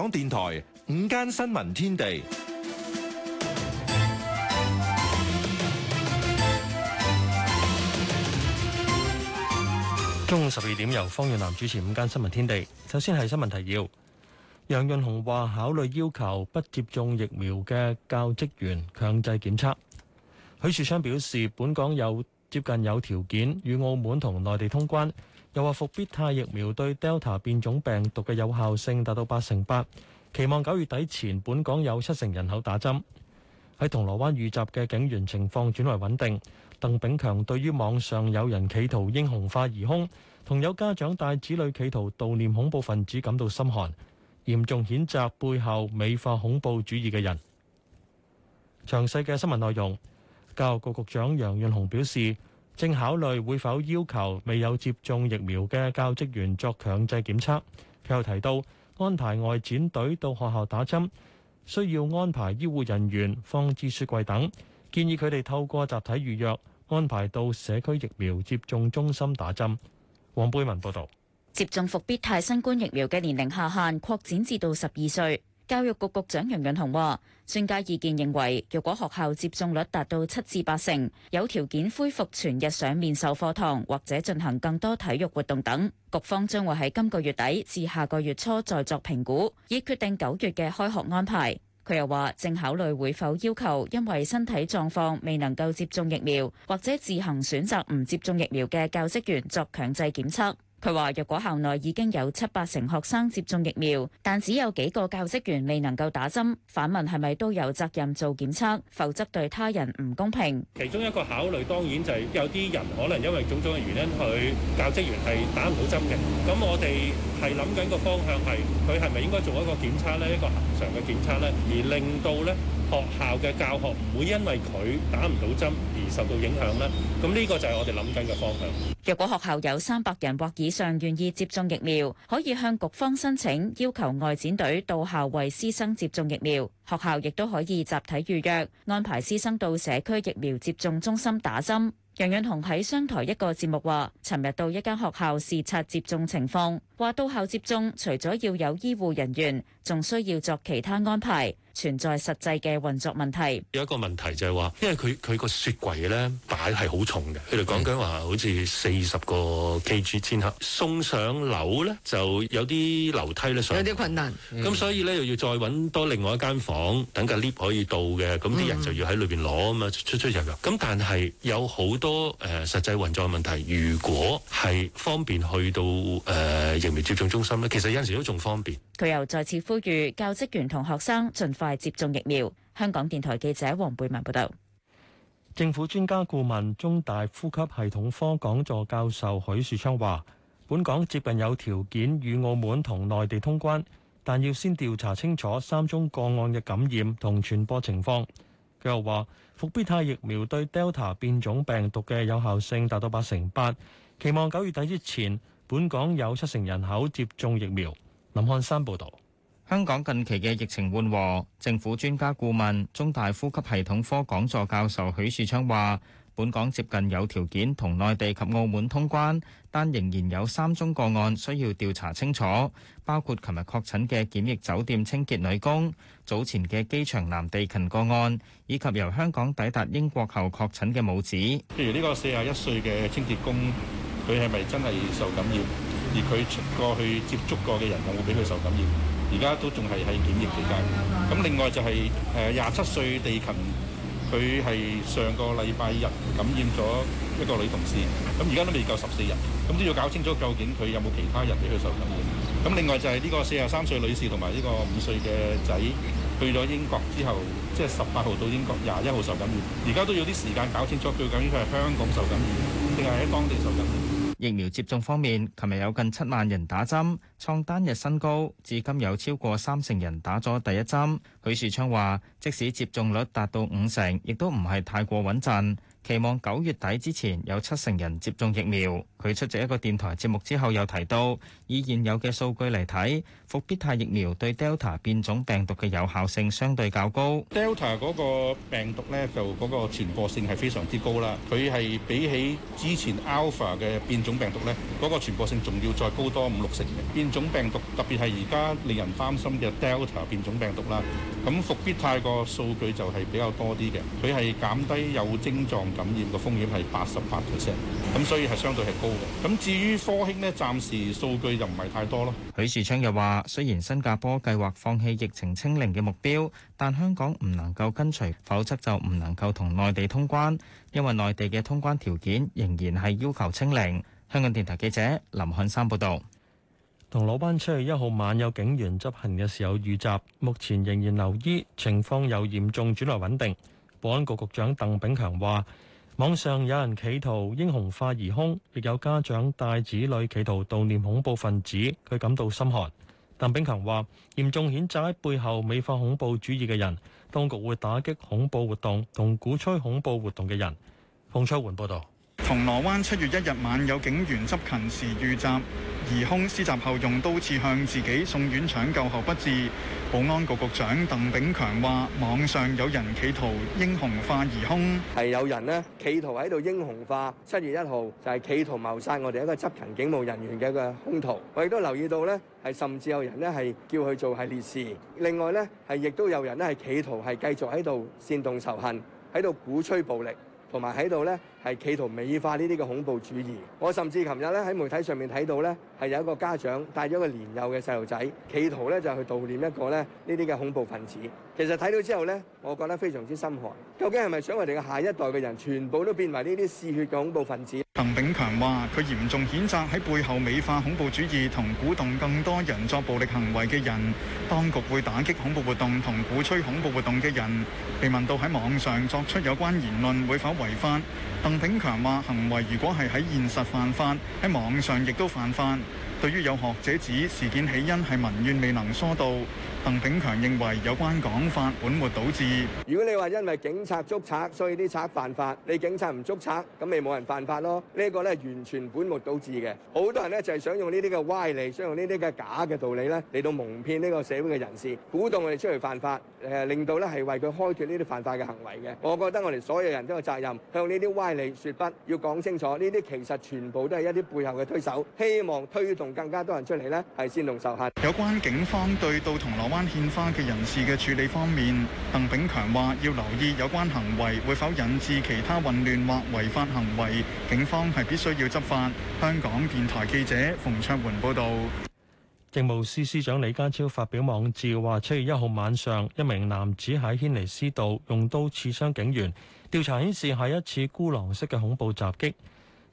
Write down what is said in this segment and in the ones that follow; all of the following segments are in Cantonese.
港電台午間新聞天地，中午十二點由方潤南主持《午間新聞天地》。首先係新聞提要：楊潤雄話考慮要求不接種疫苗嘅教職員強制檢測。許樹昌表示，本港有接近有條件與澳門同內地通關。又話復必泰疫苗對 Delta 變種病毒嘅有效性達到八成八，期望九月底前本港有七成人口打針。喺銅鑼灣遇襲嘅警員情況轉為穩定。鄧炳強對於網上有人企圖英雄化疑兇，同有家長帶子女企圖悼念恐怖分子感到心寒，嚴重譴責背後美化恐怖主義嘅人。詳細嘅新聞內容，教育局局長楊潤雄表示。正考慮會否要求未有接種疫苗嘅教職員作強制檢測。佢又提到安排外展隊到學校打針，需要安排醫護人員、放置雪櫃等，建議佢哋透過集體預約安排到社區疫苗接種中心打針。黃貝文報導，接種復必泰新冠疫苗嘅年齡下限擴展至到十二歲。教育局局長楊潤雄話，專家意見認為，若果學校接種率達到七至八成，有條件恢復全日上面授課堂或者進行更多體育活動等，局方將會喺今個月底至下個月初再作評估，以決定九月嘅開學安排。佢又話，正考慮會否要求因為身體狀況未能夠接種疫苗或者自行選擇唔接種疫苗嘅教職員作強制檢測。佢話：若果校內已經有七八成學生接種疫苗，但只有幾個教職員未能夠打針，反問係咪都有責任做檢測，否則對他人唔公平。其中一個考慮當然就係有啲人可能因為種種嘅原因，佢教職員係打唔到針嘅。咁我哋係諗緊個方向係，佢係咪應該做一個檢測咧？一個恆常嘅檢測咧，而令到咧學校嘅教學唔會因為佢打唔到針而受到影響咧。咁呢個就係我哋諗緊嘅方向。若果學校有三百人獲免。以上願意接種疫苗，可以向局方申請，要求外展隊到校為師生接種疫苗。學校亦都可以集體預約安排師生到社區疫苗接種中心打針。楊潤雄喺商台一個節目話，尋日到一間學校視察接種情況，話到校接種除咗要有醫護人員，仲需要作其他安排，存在實際嘅運作問題。有一個問題就係話，因為佢佢個雪櫃咧擺係好重嘅，佢哋講緊話好似四十個 kg 千克，送上樓咧就有啲樓梯咧上，有啲困難。咁、嗯、所以呢，又要再揾多另外一間房。講等架 lift 可以到嘅，咁啲人就要喺裏邊攞，啊嘛，出出入入。咁但係有好多誒、呃、實際運作問題。如果係方便去到誒、呃、疫苗接種中心咧，其實有陣時都仲方便。佢又再次呼籲教職員同學生盡快接種疫苗。香港電台記者黃貝文報道。政府專家顧問、中大呼吸系統科講座教授許樹昌話，本港接近有條件與澳門同內地通關。但要先調查清楚三宗個案嘅感染同傳播情況。佢又話：復必泰疫苗對 Delta 變種病毒嘅有效性達到八成八，期望九月底之前本港有七成人口接種疫苗。林漢山報導。香港近期嘅疫情緩和，政府專家顧問、中大呼吸系統科講座教授許樹昌話。本港接近有條件同內地及澳門通關，但仍然有三宗個案需要調查清楚，包括琴日確診嘅檢疫酒店清潔女工、早前嘅機場男地勤個案，以及由香港抵達英國後確診嘅母子。譬如呢個四十一歲嘅清潔工，佢係咪真係受感染？而佢過去接觸過嘅人，會唔會俾佢受感染？而家都仲係喺檢疫期間。咁另外就係誒廿七歲地勤。佢係上個禮拜日感染咗一個女同事，咁而家都未夠十四日，咁都要搞清楚究竟佢有冇其他人俾佢受感染。咁另外就係呢個四十三歲女士同埋呢個五歲嘅仔去咗英國之後，即係十八號到英國廿一號受感染，而家都要啲時間搞清楚究竟佢係香港受感染，定係喺當地受感染。疫苗接種方面，琴日有近七萬人打針，創單日新高。至今有超過三成人打咗第一針，許樹昌話，即使接種率達到五成，亦都唔係太過穩陣。期望九月底之前有七成人接種疫苗。佢出席一個電台節目之後又提到，以現有嘅數據嚟睇，復必泰疫苗對 Delta 變種病毒嘅有效性相對較高。Delta 嗰個病毒咧，就嗰個傳播性係非常之高啦。佢係比起之前 Alpha 嘅變種病毒咧，嗰個傳播性仲要再高多五六成嘅變種病毒，特別係而家令人擔心嘅 Delta 變種病毒啦。咁復必泰個數據就係比較多啲嘅，佢係減低有症狀感染嘅風險係八十八 percent，咁所以係相對係高嘅。咁至於科興咧，暫時數據就唔係太多咯。許樹昌又話，雖然新加坡計劃放棄疫情清零嘅目標，但香港唔能夠跟隨，否則就唔能夠同內地通關，因為內地嘅通關條件仍然係要求清零。香港電台記者林漢山報道。銅鑼灣七月一號晚有警員執行嘅時候遇襲，目前仍然留醫，情況由嚴重轉為穩定。保安局局長鄧炳強話：網上有人企圖英雄化而凶，亦有家長帶子女企圖悼念恐怖分子，佢感到心寒。鄧炳強話：嚴重譴責喺背後美化恐怖主義嘅人，當局會打擊恐怖活動同鼓吹恐怖活動嘅人。馮秋桓報道。銅鑼灣七月一日晚有警員執勤時遇襲。疑兇施襲後用刀刺向自己，送院搶救後不治。保安局局長鄧炳強話：網上有人企圖英雄化疑兇，係有人呢企圖喺度英雄化。七月一號就係企圖謀殺我哋一個執勤警務人員嘅一個兇徒。我亦都留意到呢，係甚至有人呢係叫佢做係烈士。另外呢係亦都有人呢係企圖係繼續喺度煽動仇恨，喺度鼓吹暴力，同埋喺度呢。係企圖美化呢啲嘅恐怖主義。我甚至琴日咧喺媒體上面睇到呢，係有一個家長帶咗個年幼嘅細路仔，企圖咧就去悼念一個咧呢啲嘅恐怖分子。其實睇到之後呢，我覺得非常之心寒。究竟係咪想為我哋嘅下一代嘅人全部都變為呢啲嗜血嘅恐怖分子？鄧炳強話：佢嚴重譴責喺背後美化恐怖主義同鼓動更多人作暴力行為嘅人。當局會打擊恐怖活動同鼓吹恐怖活動嘅人。被問到喺網上作出有關言論會否違法？鄧炳強話：行為如果係喺現實犯法，喺網上亦都犯法。對於有學者指事件起因係民怨未能疏導。鄧炳強認為有關講法本末倒置。如果你話因為警察捉賊，所以啲賊犯法；你警察唔捉賊，咁咪冇人犯法咯。呢一個咧完全本末倒置嘅。好多人咧就係想用呢啲嘅歪理，想用呢啲嘅假嘅道理咧嚟到蒙騙呢個社會嘅人士，鼓動我哋出嚟犯法，誒令到咧係為佢開脫呢啲犯法嘅行為嘅。我覺得我哋所有人都有責任向呢啲歪理說不，要講清楚呢啲其實全部都係一啲背後嘅推手，希望推動更加多人出嚟咧係煽動受害。有關警方對到銅鑼。灣獻花嘅人士嘅處理方面，鄧炳強話要留意有關行為會否引致其他混亂或違法行為，警方係必須要執法。香港電台記者馮卓桓報導。政務司司長李家超發表網誌話：七月一號晚上，一名男子喺軒尼詩道用刀刺傷警員，調查顯示係一次孤狼式嘅恐怖襲擊。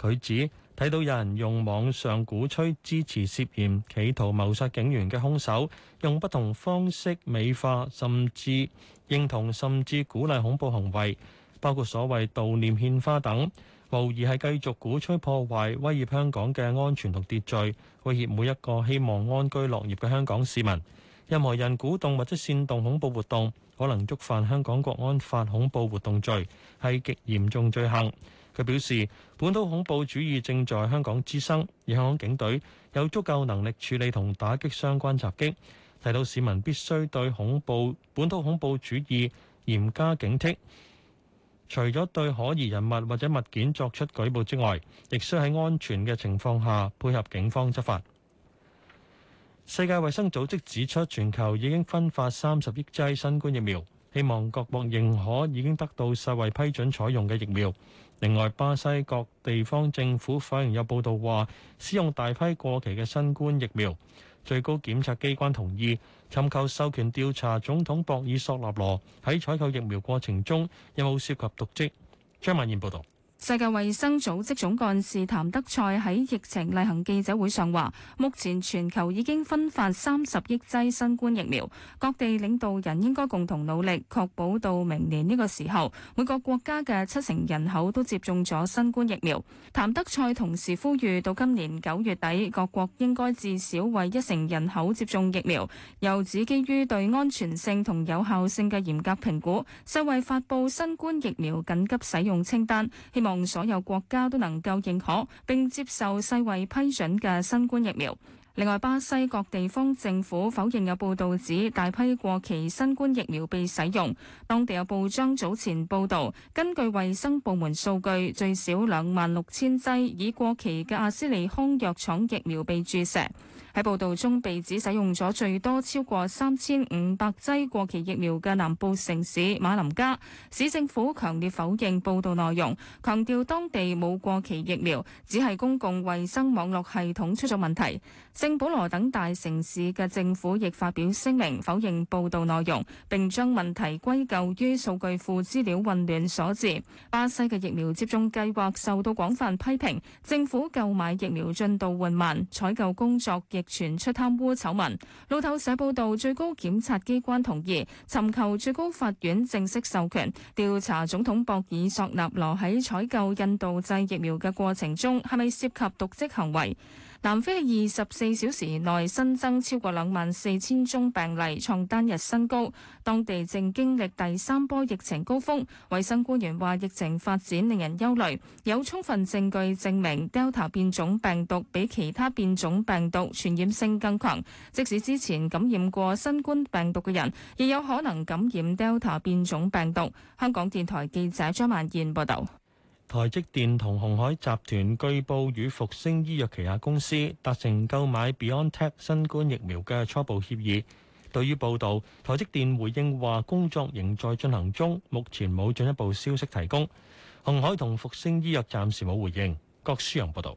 佢指。睇到有人用網上鼓吹支持涉嫌企圖謀殺警員嘅兇手，用不同方式美化，甚至認同，甚至鼓勵恐怖行為，包括所謂悼念獻花等，無疑係繼續鼓吹破壞威脅香港嘅安全同秩序，威脅每一個希望安居樂業嘅香港市民。任何人鼓動或者煽動恐怖活動，可能觸犯香港國安法恐怖活動罪，係極嚴重罪行。佢表示，本土恐怖主義正在香港滋生，而香港警隊有足夠能力處理同打擊相關襲擊。提到市民必須對恐怖本土恐怖主義嚴加警惕，除咗對可疑人物或者物件作出舉報之外，亦需喺安全嘅情況下配合警方執法。世界衛生組織指出，全球已經分發三十億劑新冠疫苗，希望各國認可已經得到世衛批准採用嘅疫苗。另外，巴西各地方政府反而有報道話使用大批過期嘅新冠疫苗，最高檢察機關同意尋求授權調查總統博爾索納羅喺採購疫苗過程中有冇涉及瀆職。張曼燕報道。世界衛生組織總幹事譚德塞喺疫情例行記者會上話，目前全球已經分發三十億劑新冠疫苗，各地領導人應該共同努力，確保到明年呢個時候，每個國家嘅七成人口都接種咗新冠疫苗。譚德塞同時呼籲，到今年九月底，各國應該至少為一成人口接種疫苗，又指基於對安全性同有效性嘅嚴格評估，世衛發佈新冠疫苗緊急使用清單，希望所有國家都能夠認可並接受世衛批准嘅新冠疫苗。另外，巴西各地方政府否認有報導指大批過期新冠疫苗被使用。當地有報章早前報導，根據衛生部門數據，最少兩萬六千劑已過期嘅阿斯利康藥廠疫苗被注射。喺報道中被指使用咗最多超過三千五百劑過期疫苗嘅南部城市馬林加，市政府強烈否認報道內容，強調當地冇過期疫苗，只係公共衞生網絡系統出咗問題。聖保羅等大城市嘅政府亦發表聲明否認報道內容，並將問題歸咎於數據庫資料混亂所致。巴西嘅疫苗接種計劃受到廣泛批評，政府購買疫苗進度緩慢，採購工作亦傳出貪污醜聞。路透社報道，最高檢察機關同意尋求最高法院正式授權調查總統博爾索納羅喺採購印度製疫苗嘅過程中係咪涉及瀆職行為。南非二十四小時內新增超過兩萬四千宗病例，創單日新高。當地正經歷第三波疫情高峰。衛生官員話：疫情發展令人憂慮，有充分證據證明 Delta 變種病毒比其他變種病毒傳染性更強。即使之前感染過新冠病毒嘅人，亦有可能感染 Delta 變種病毒。香港電台記者張曼燕報道。台積電同鴻海集團據報與復星醫藥旗下公司達成購買 BioNTech 新冠疫苗嘅初步協議。對於報導，台積電回應話工作仍在進行中，目前冇進一步消息提供。鴻海同復星醫藥暫時冇回應。郭書洋報道。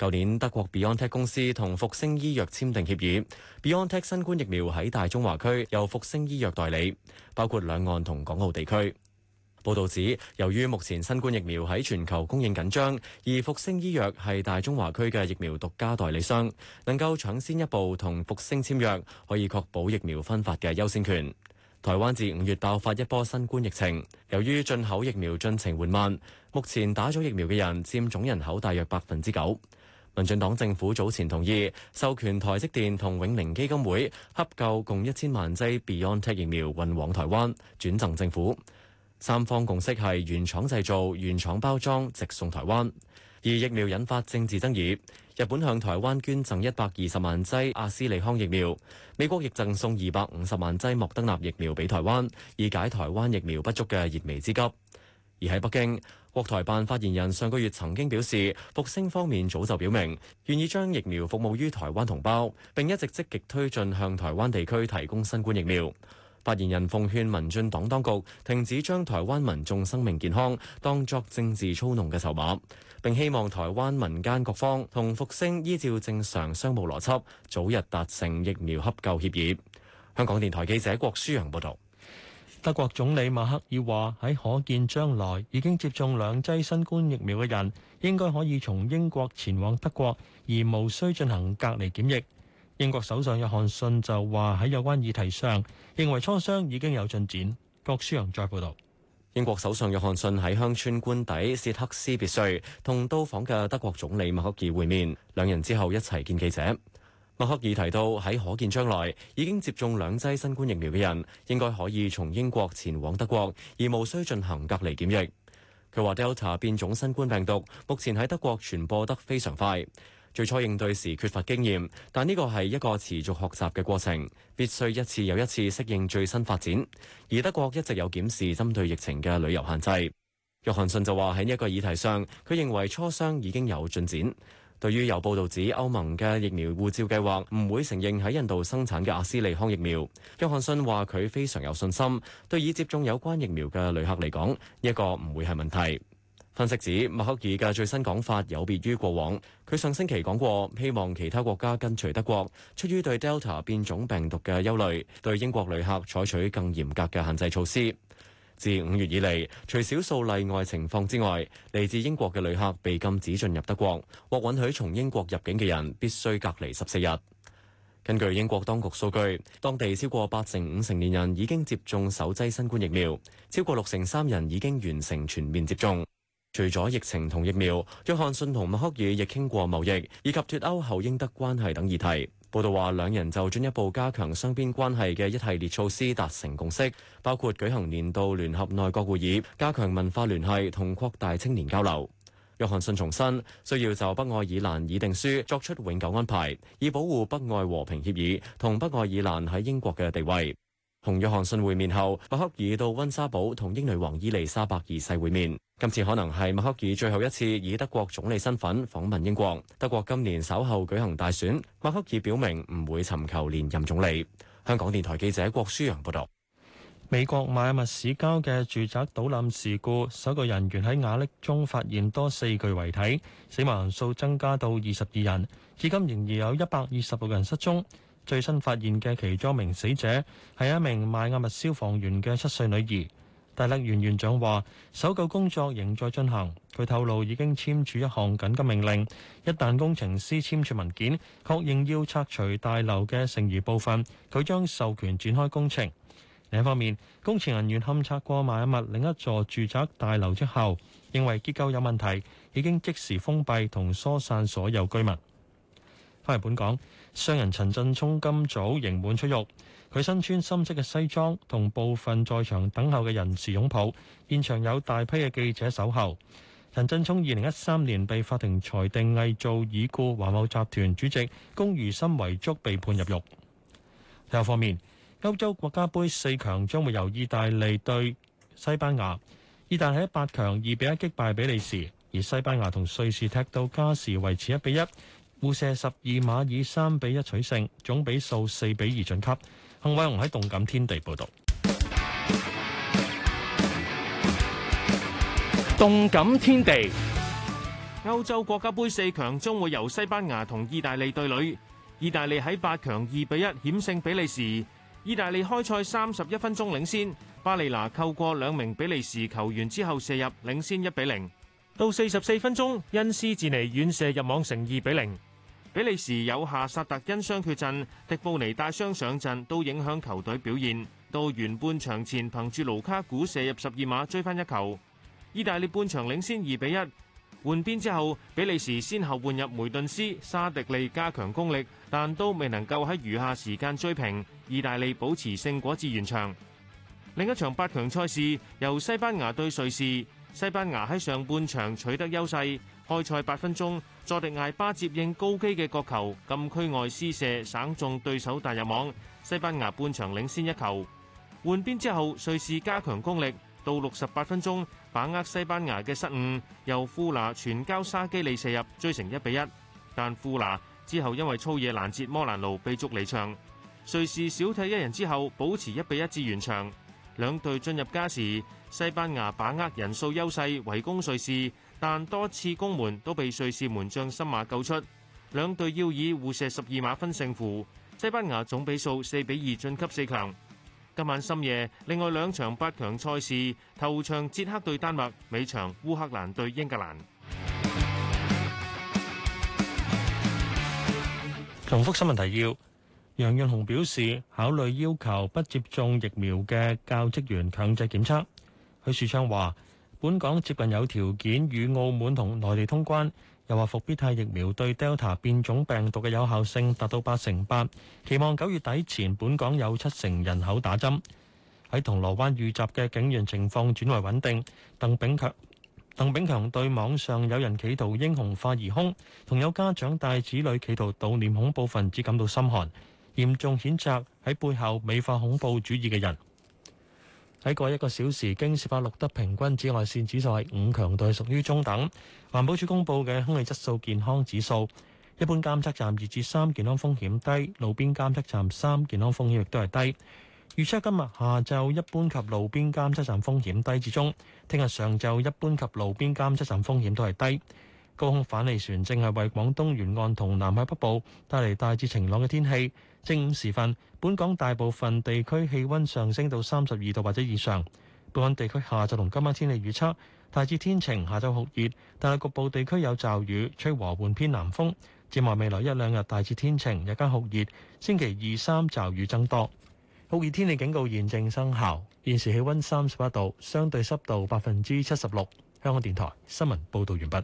舊年，德國 BioNTech 公司同復星醫藥簽訂協議，BioNTech 新冠疫苗喺大中華區由復星醫藥代理，包括兩岸同港澳地區。報導指，由於目前新冠疫苗喺全球供應緊張，而復星醫藥係大中華區嘅疫苗獨家代理商，能夠搶先一步同復星簽約，可以確保疫苗分發嘅優先權。台灣自五月爆發一波新冠疫情，由於進口疫苗進程緩慢，目前打咗疫苗嘅人佔總人口大約百分之九。民進黨政府早前同意授權台積電同永寧基金會洽購共一千萬劑 BioNTech 疫苗運往台灣，轉贈政府。三方共識係原廠製造、原廠包裝、直送台灣。而疫苗引發政治爭議，日本向台灣捐贈一百二十萬劑阿斯利康疫苗，美國亦贈送二百五十萬劑莫德納疫苗俾台灣，以解台灣疫苗不足嘅燃眉之急。而喺北京，國台辦發言人上個月曾經表示，復星方面早就表明願意將疫苗服務於台灣同胞，並一直積極推進向台灣地區提供新冠疫苗。發言人奉勸民進黨當局停止將台灣民眾生命健康當作政治操弄嘅籌碼，並希望台灣民間各方同復星依照正常商務邏輯，早日達成疫苗合購協議。香港電台記者郭舒陽報道。德國總理默克爾話喺可見將來，已經接種兩劑新冠疫苗嘅人，應該可以從英國前往德國，而無需進行隔離檢疫。英國首相約翰遜就話喺有關議題上，認為磋商已經有進展。郭舒揚再報道。英國首相約翰遜喺鄉村官邸切克斯別墅同到訪嘅德國總理默克爾會面，兩人之後一齊見記者。默克爾提到，喺可見將來，已經接種兩劑新冠疫苗嘅人，應該可以從英國前往德國，而無需進行隔離檢疫。佢話 Delta 變種新冠病毒，目前喺德國傳播得非常快，最初應對時缺乏經驗，但呢個係一個持續學習嘅過程，必須一次又一次適應最新發展。而德國一直有檢視針對疫情嘅旅遊限制。約翰遜就話喺一個議題上，佢認為磋商已經有進展。對於有報導指歐盟嘅疫苗護照計劃唔會承認喺印度生產嘅阿斯利康疫苗，約翰遜話佢非常有信心，對已接種有關疫苗嘅旅客嚟講，呢個唔會係問題。分析指，默克爾嘅最新講法有別於過往，佢上星期講過，希望其他國家跟隨德國，出於對 Delta 變種病毒嘅憂慮，對英國旅客採取更嚴格嘅限制措施。自五月以嚟，除少數例外情況之外，嚟自英國嘅旅客被禁止進入德國，獲允許從英國入境嘅人必須隔離十四日。根據英國當局數據，當地超過八成五成年人已經接種首劑新冠疫苗，超過六成三人已經完成全面接種。除咗疫情同疫苗，約翰遜同默克爾亦傾過貿易以及脱歐後英德關係等議題。報道話，兩人就進一步加強雙邊關係嘅一系列措施達成共識，包括舉行年度聯合內閣會議、加強文化聯繫同擴大青年交流。約翰遜重申，需要就北愛爾蘭議定書作出永久安排，以保護北愛和平協議同北愛爾蘭喺英國嘅地位。同約翰遜會面後，默克爾到溫莎堡同英女王伊利莎白二世會面。今次可能係默克爾最後一次以德國總理身份訪問英國。德國今年稍後舉行大選，默克爾表明唔會尋求連任總理。香港電台記者郭舒揚報道。美國邁阿密市郊嘅住宅倒冧事故，搜救人員喺瓦礫中發現多四具遺體，死亡人數增加到二十二人，至今仍然有一百二十六人失蹤。最新發現嘅其中一名死者係一名邁亞密消防員嘅七歲女兒。大嶺園園長話：搜救工作仍在進行。佢透露已經簽署一項緊急命令，一旦工程師簽署文件，確認要拆除大樓嘅剩餘部分，佢將授權展開工程。另一方面，工程人員勘測過邁亞密另一座住宅大樓之後，認為結構有問題，已經即時封閉同疏散所有居民。喺本港，商人陳振聰今早刑滿出獄，佢身穿深色嘅西裝，同部分在場等候嘅人士擁抱。現場有大批嘅記者守候。陳振聰二零一三年被法庭裁定偽造已故華懋集團主席龔如心遺囑，被判入獄。體育方面，歐洲國家杯四強將會由意大利對西班牙。意大利喺八強二比一擊敗比利時，而西班牙同瑞士踢到加時維持一比一。互射十二碼以三比一取勝，總比數四比二晉級。幸偉雄喺動感天地報道。動感天地，歐洲國家杯四強將會由西班牙同意大利對壘。意大利喺八強二比一險勝比利時。意大利開賽三十一分鐘領先，巴里拿扣過兩名比利時球員之後射入領先一比零。到四十四分鐘，因斯治尼遠射入網成二比零。比利時有夏薩特因傷缺陣，迪布尼帶傷上陣都影響球隊表現。到完半場前憑住盧卡古射入十二碼追翻一球，意大利半場領先二比一。換邊之後，比利時先後換入梅頓斯、沙迪利，利加強攻力，但都未能夠喺餘下時間追平。意大利保持勝果至完場。另一場八強賽事由西班牙對瑞士，西班牙喺上半場取得優勢。開賽八分鐘，佐迪艾巴接應高機嘅角球，禁區外施射，省中對手彈入網。西班牙半場領先一球。換邊之後，瑞士加強攻力，到六十八分鐘，把握西班牙嘅失誤，由富拿傳交沙基利射入，追成一比一。但富拿之後因為粗野攔截摩蘭奴，被逐離場。瑞士少踢一人之後，保持一比一至完場。兩隊進入加時，西班牙把握人數優勢，圍攻瑞士。但多次攻門都被瑞士門將森馬救出，兩隊要以互，互射十二碼分勝負。西班牙總比數四比二晉級四強。今晚深夜，另外兩場八強賽事，頭場捷克對丹麥，尾場烏克蘭對英格蘭。重複新聞提要：楊潤雄表示考慮要求不接種疫苗嘅教職員強制檢測。許樹昌話。本港接近有條件與澳門同內地通關，又話復必泰疫苗對 Delta 變種病毒嘅有效性達到八成八，期望九月底前本港有七成人口打針。喺銅鑼灣遇襲嘅警員情況轉為穩定。鄧炳強，鄧炳強對網上有人企圖英雄化而兇，同有家長帶子女企圖悼念恐怖分子感到心寒，嚴重譴責喺背後美化恐怖主義嘅人。喺過一個小時，京士柏錄得平均紫外線指數係五，強度屬於中等。環保署公布嘅空氣質素健康指數，一般監測站二至三，健康風險低，路邊監測站三，健康風險亦都係低。預測今日下晝一般及路邊監測站風險低至中，聽日上晝一般及路邊監測站風險都係低。高空反氣旋正係為廣東沿岸同南海北部帶嚟大致晴朗嘅天氣。正午時分，本港大部分地區氣温上升到三十二度或者以上。本港地區下晝同今晚天氣預測大致天晴，下晝酷熱，但係局部地區有驟雨，吹和緩偏南風。展望未來一兩日大致天晴，日間酷熱，星期二三驟雨增多。酷熱天氣警告現正生效。現時氣温三十一度，相對濕度百分之七十六。香港電台新聞報導完畢。